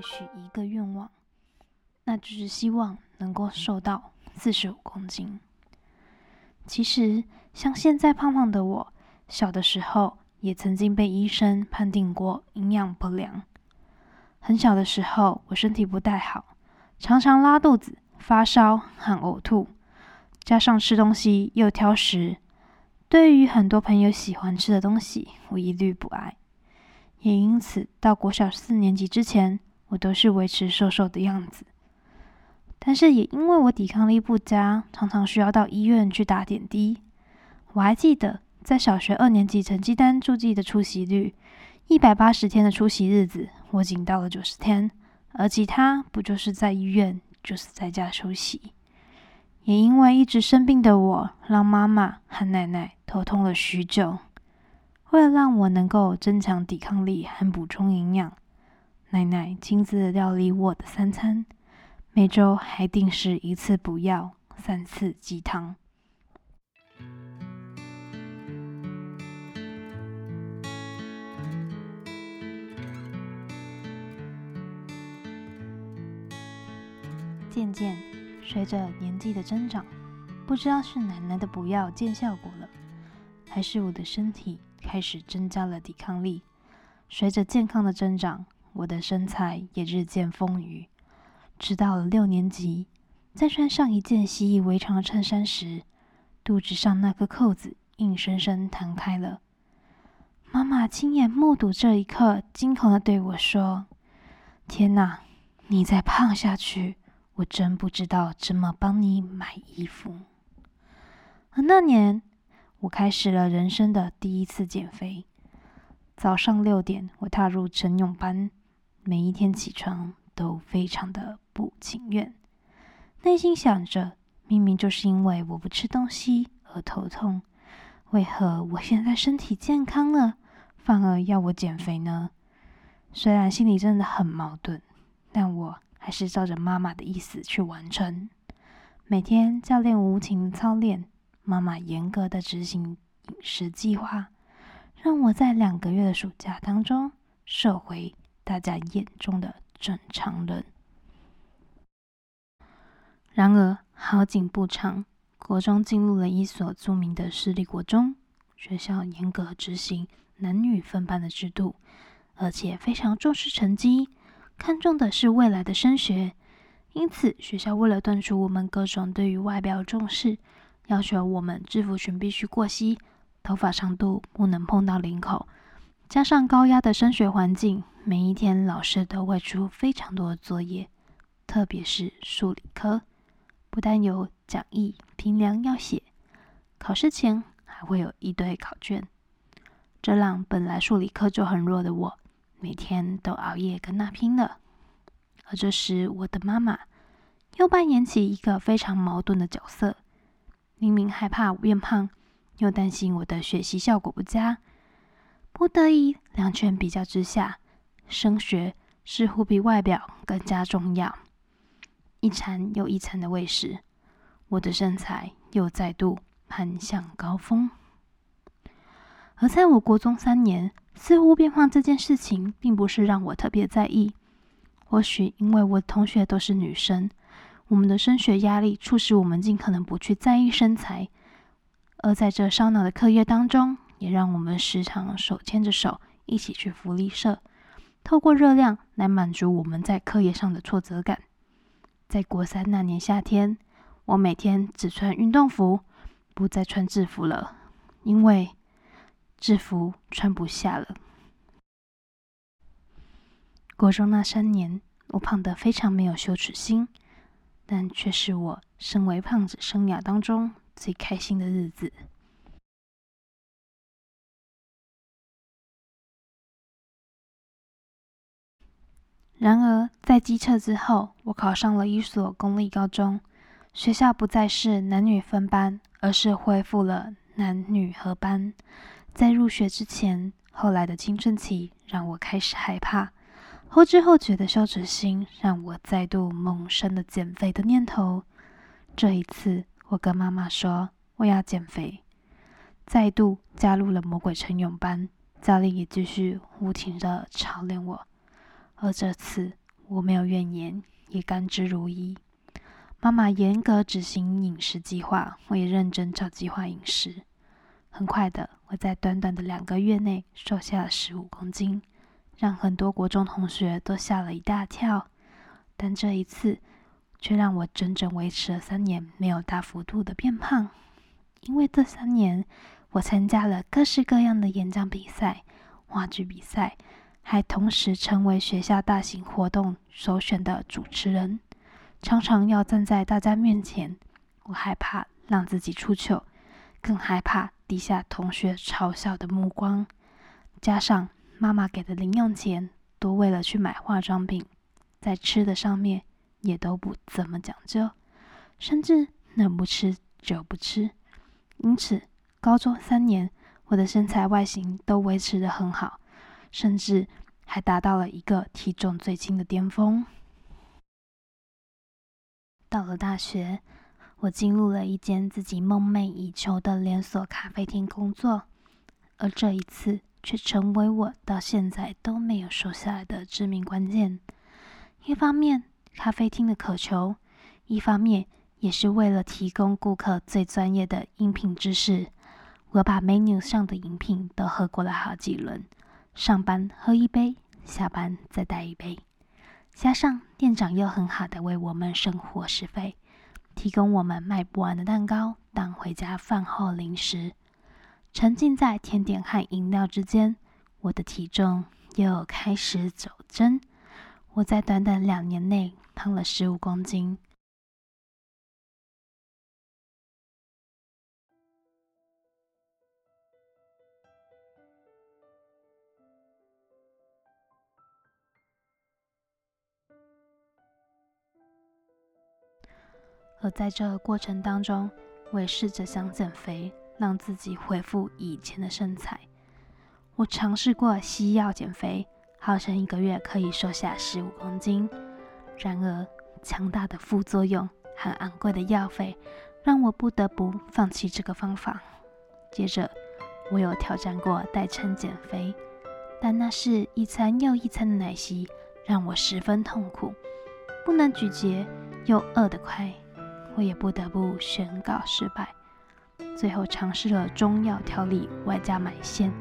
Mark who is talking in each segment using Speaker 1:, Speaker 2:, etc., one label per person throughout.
Speaker 1: 許一個願望，那就是希望能夠瘦到四十五公斤。其實，像現在胖胖的我，小的時候也曾經被醫生判定過營養不良。很小的時候，我身體不太好，常常拉肚子、發燒和嘔吐，加上吃東西又挑食。對於很多朋友喜歡吃的東西，我一律不愛。也因此，到國小四年級之前，我都是維持瘦瘦的樣子，但是也因為我抵抗力不佳，常常需要到醫院去打點滴。我還記得在小學二年級成績單注記的出席率，一百八十天的出席日子，我僅到了九十天，而其他不就是在醫院，就是在家休息。也因為一直生病的我，讓媽媽和奶奶頭痛了許久。為了讓我能夠增強抵抗力和補充營養。奶奶親自料理我的三餐，每周還定時一次補藥，三次雞湯。漸漸，隨着年紀的增長，不知道是奶奶的補藥見效果了，還是我的身體開始增加了抵抗力，隨着健康的增長，我的身材也日漸豐腴，直到了六年級，在穿上一件習以為常的襯衫時，肚子上那顆扣子硬生生彈開了。媽媽親眼目睹這一刻，驚恐地對我說：“天哪，你再胖下去，我真不知道怎麼幫你買衣服。”而那年，我開始了人生的第一次減肥。早上六點，我踏入晨泳班。每一天起床都非常的不情願，內心想着：明明就是因為我不吃東西而頭痛，為何我現在身體健康了，反而要我減肥呢？雖然心裡真的很矛盾，但我還是照着媽媽的意思去完成。每天教練無情操練，媽媽嚴格的執行飲食計劃，讓我在兩個月的暑假當中瘦回社會大家眼中的正常人。然而，好景不長，國中進入了一所著名的私立國中。學校嚴格執行男女分班的制度，而且非常重視成績，看重的是未來的升學。因此，學校為了斷除我們各種對於外表重視，要求我們制服裙必須過膝，頭髮長度不能碰到領口。加上高壓的升學環境，每一天老師都會出非常多的作業，特別是數理科，不但有講義、評量要寫，考試前還會有一堆考卷，這讓本來數理科就很弱的我，每天都熬夜跟他拼了。而這時，我的媽媽又扮演起一個非常矛盾的角色，明明害怕我變胖，又擔心我的學習效果不佳。不得已，兩全比較之下，升學似乎比外表更加重要。一餐又一餐的餵食，我的身材又再度攀向高峰。而在我國中三年，似乎變胖這件事情並不是讓我特別在意。或許因為我的同學都是女生，我們的升學壓力促使我們盡可能不去在意身材。而在這燒腦的課業當中，也讓我們時常手牽着手一起去福利社，透過熱量來滿足我們在課業上的挫折感。在國三那年夏天，我每天只穿運動服，不再穿制服了，因為制服穿不下了。國中那三年，我胖得非常沒有羞恥心，但卻是我身為胖子生涯當中最開心的日子。然而，在基測之後，我考上了一所公立高中。學校不再是男女分班，而是恢復了男女合班。在入學之前，後來的青春期讓我開始害怕。後知後覺的羞恥心讓我再度萌生了減肥的念頭。這一次，我跟媽媽說我要減肥，再度加入了魔鬼晨泳班，教練也繼續無情地操練我。而這次我沒有怨言，也甘之如飴。媽媽嚴格執行飲食計劃，我也認真照計劃飲食。很快的，我在短短的兩個月內瘦下了十五公斤，讓很多國中同學都嚇了一大跳。但這一次，卻讓我整整維持了三年，沒有大幅度的變胖。因為這三年，我參加了各式各樣的演講比賽、話劇比賽。還同時成為學校大型活動首選的主持人，常常要站在大家面前，我害怕讓自己出糗，更害怕底下同學嘲笑的目光。加上媽媽給的零用錢都為了去買化妝品，在吃的上面也都不怎麼講究，甚至能不吃就不吃。因此，高中三年我的身材外形都維持得很好。甚至還達到了一個體重最輕的巔峰。到了大學，我進入了一間自己夢寐以求的連鎖咖啡廳工作，而這一次卻成為我到現在都沒有瘦下來的致命關鍵。一方面，咖啡廳的渴求；一方面，也是為了提供顧客最專業的飲品知識。我把 menu 上的飲品都喝過了好幾輪。上班喝一杯，下班再帶一杯，加上店長又很好的為我們省伙食費，提供我們賣不完的蛋糕當回家飯後零食。沉浸在甜點和飲料之間，我的體重又開始走針。我在短短兩年內胖了十五公斤。我在這個過程當中，我也試着想減肥，讓自己恢復以前的身材。我嘗試過西藥減肥，號稱一個月可以瘦下十五公斤，然而強大的副作用和昂貴的藥費，讓我不得不放棄這個方法。接着，我有挑戰過代餐減肥，但那是一餐又一餐的奶昔，讓我十分痛苦，不能咀嚼，又餓得快。我也不得不宣告失敗。最後嘗試了中藥調理，外加埋線，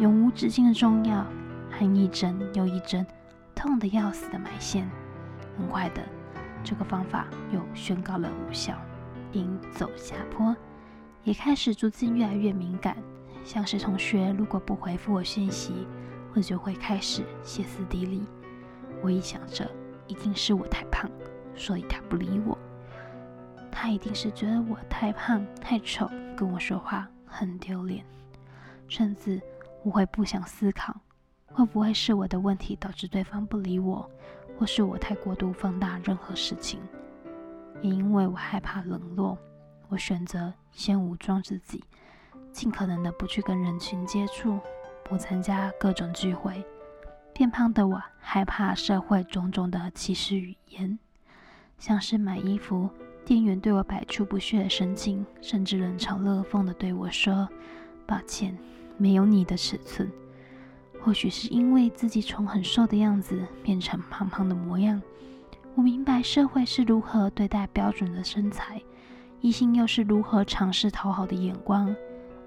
Speaker 1: 永無止境的中藥，還一針又一針痛得要死的埋線。很快的，這個方法又宣告了無效，並走下坡。也開始逐漸越來越敏感，像是同學如果不回復我訊息，我就會開始歇斯底里。我一想着，一定是我太胖，所以他不理我。他一定是覺得我太胖、太醜，跟我說話很丟臉，甚至我會不想思考，會不會是我的問題導致對方不理我，或是我太過度放大任何事情。也因為我害怕冷落，我選擇先武裝自己，盡可能的不去跟人群接觸，不參加各種聚會。變胖的我害怕社會種種的歧視語言，像是買衣服。店員對我擺出不屑的神情，甚至冷嘲熱諷地對我說：“抱歉，沒有你的尺寸。”或許是因為自己從很瘦的樣子變成胖胖的模樣，我明白社會是如何對待標準的身材，異性又是如何嘗試討好的眼光。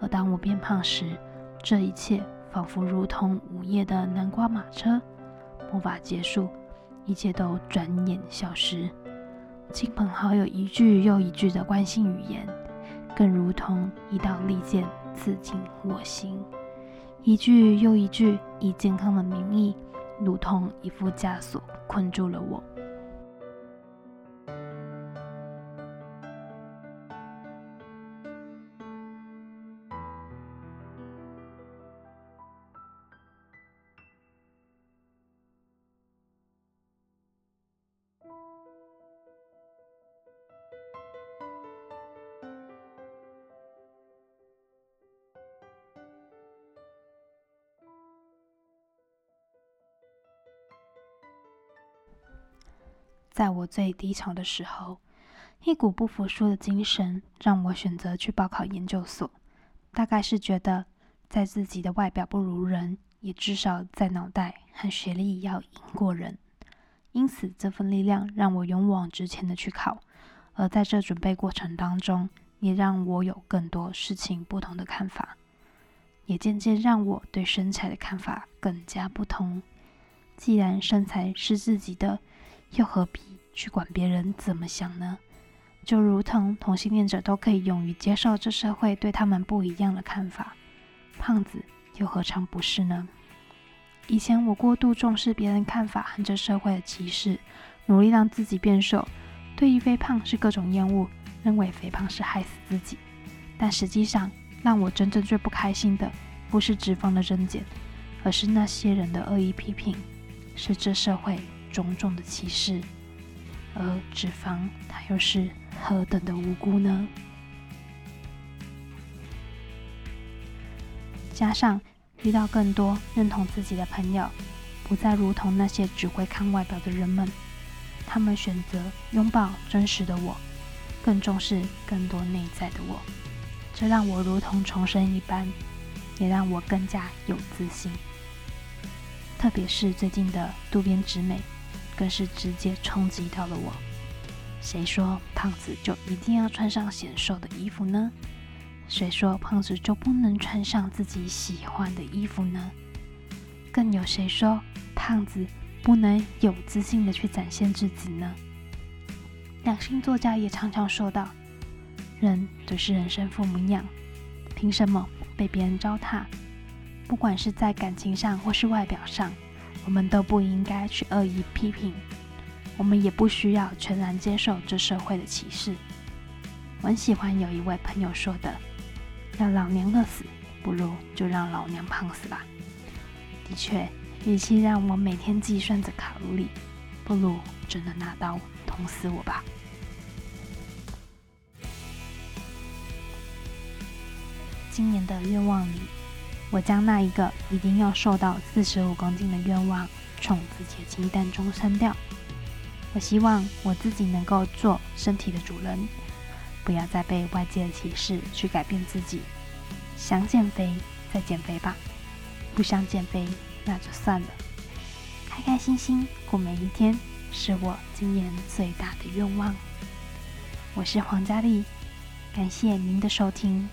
Speaker 1: 而當我變胖時，這一切仿佛如同午夜的南瓜馬車，魔法結束，一切都轉眼消失。親朋好友一句又一句的關心語言，更如同一道利劍刺進我心；一句又一句以健康的名義，如同一副枷鎖困住了我。在我最低潮的時候，一股不服輸的精神讓我選擇去報考研究所。大概是覺得，在自己的外表不如人，也至少在腦袋和學歷要贏過人。因此，這份力量讓我勇往直前的去考。而在這準備過程當中，也讓我有更多事情不同的看法，也漸漸讓我對身材的看法更加不同。既然身材是自己的，又何必去管別人怎麼想呢？就如同同性戀者都可以勇於接受這社會對他們不一樣的看法，胖子又何嘗不是呢？以前我過度重視別人看法和這社會的歧視，努力讓自己變瘦，對於肥胖是各種厭惡，認為肥胖是害死自己。但實際上，讓我真正最不開心的不是脂肪的增減，而是那些人的惡意批評，是這社會，種種的歧視，而脂肪它又是何等的無辜呢？加上遇到更多認同自己的朋友，不再如同那些只會看外表的人們，他們選擇擁抱真實的我，更重視更多內在的我，這讓我如同重生一般，也讓我更加有自信。特別是最近的渡邊直美。更是直接衝擊到了我。誰說胖子就一定要穿上顯瘦的衣服呢？誰說胖子就不能穿上自己喜歡的衣服呢？更有誰說胖子不能有自信的去展現自己呢？兩性作家也常常說道：“人就是人生父母養，憑什麼被別人糟蹋？不管是在感情上或是外表上。”我們都不應該去惡意批評，我們也不需要全然接受這社會的歧視。我很喜歡有一位朋友說的：“讓老娘餓死，不如就讓老娘胖死吧。”的確，與其讓我每天計算着卡路里，不如真的拿刀捅死我吧。今年的願望裡。我將那一個一定要瘦到四十五公斤的願望從自己的清單中刪掉。我希望我自己能夠做身體的主人，不要再被外界的歧視去改變自己。想減肥再減肥吧，不想減肥那就算了。開開心心過每一天，是我今年最大的願望。我是黃家莉，感謝您的收聽。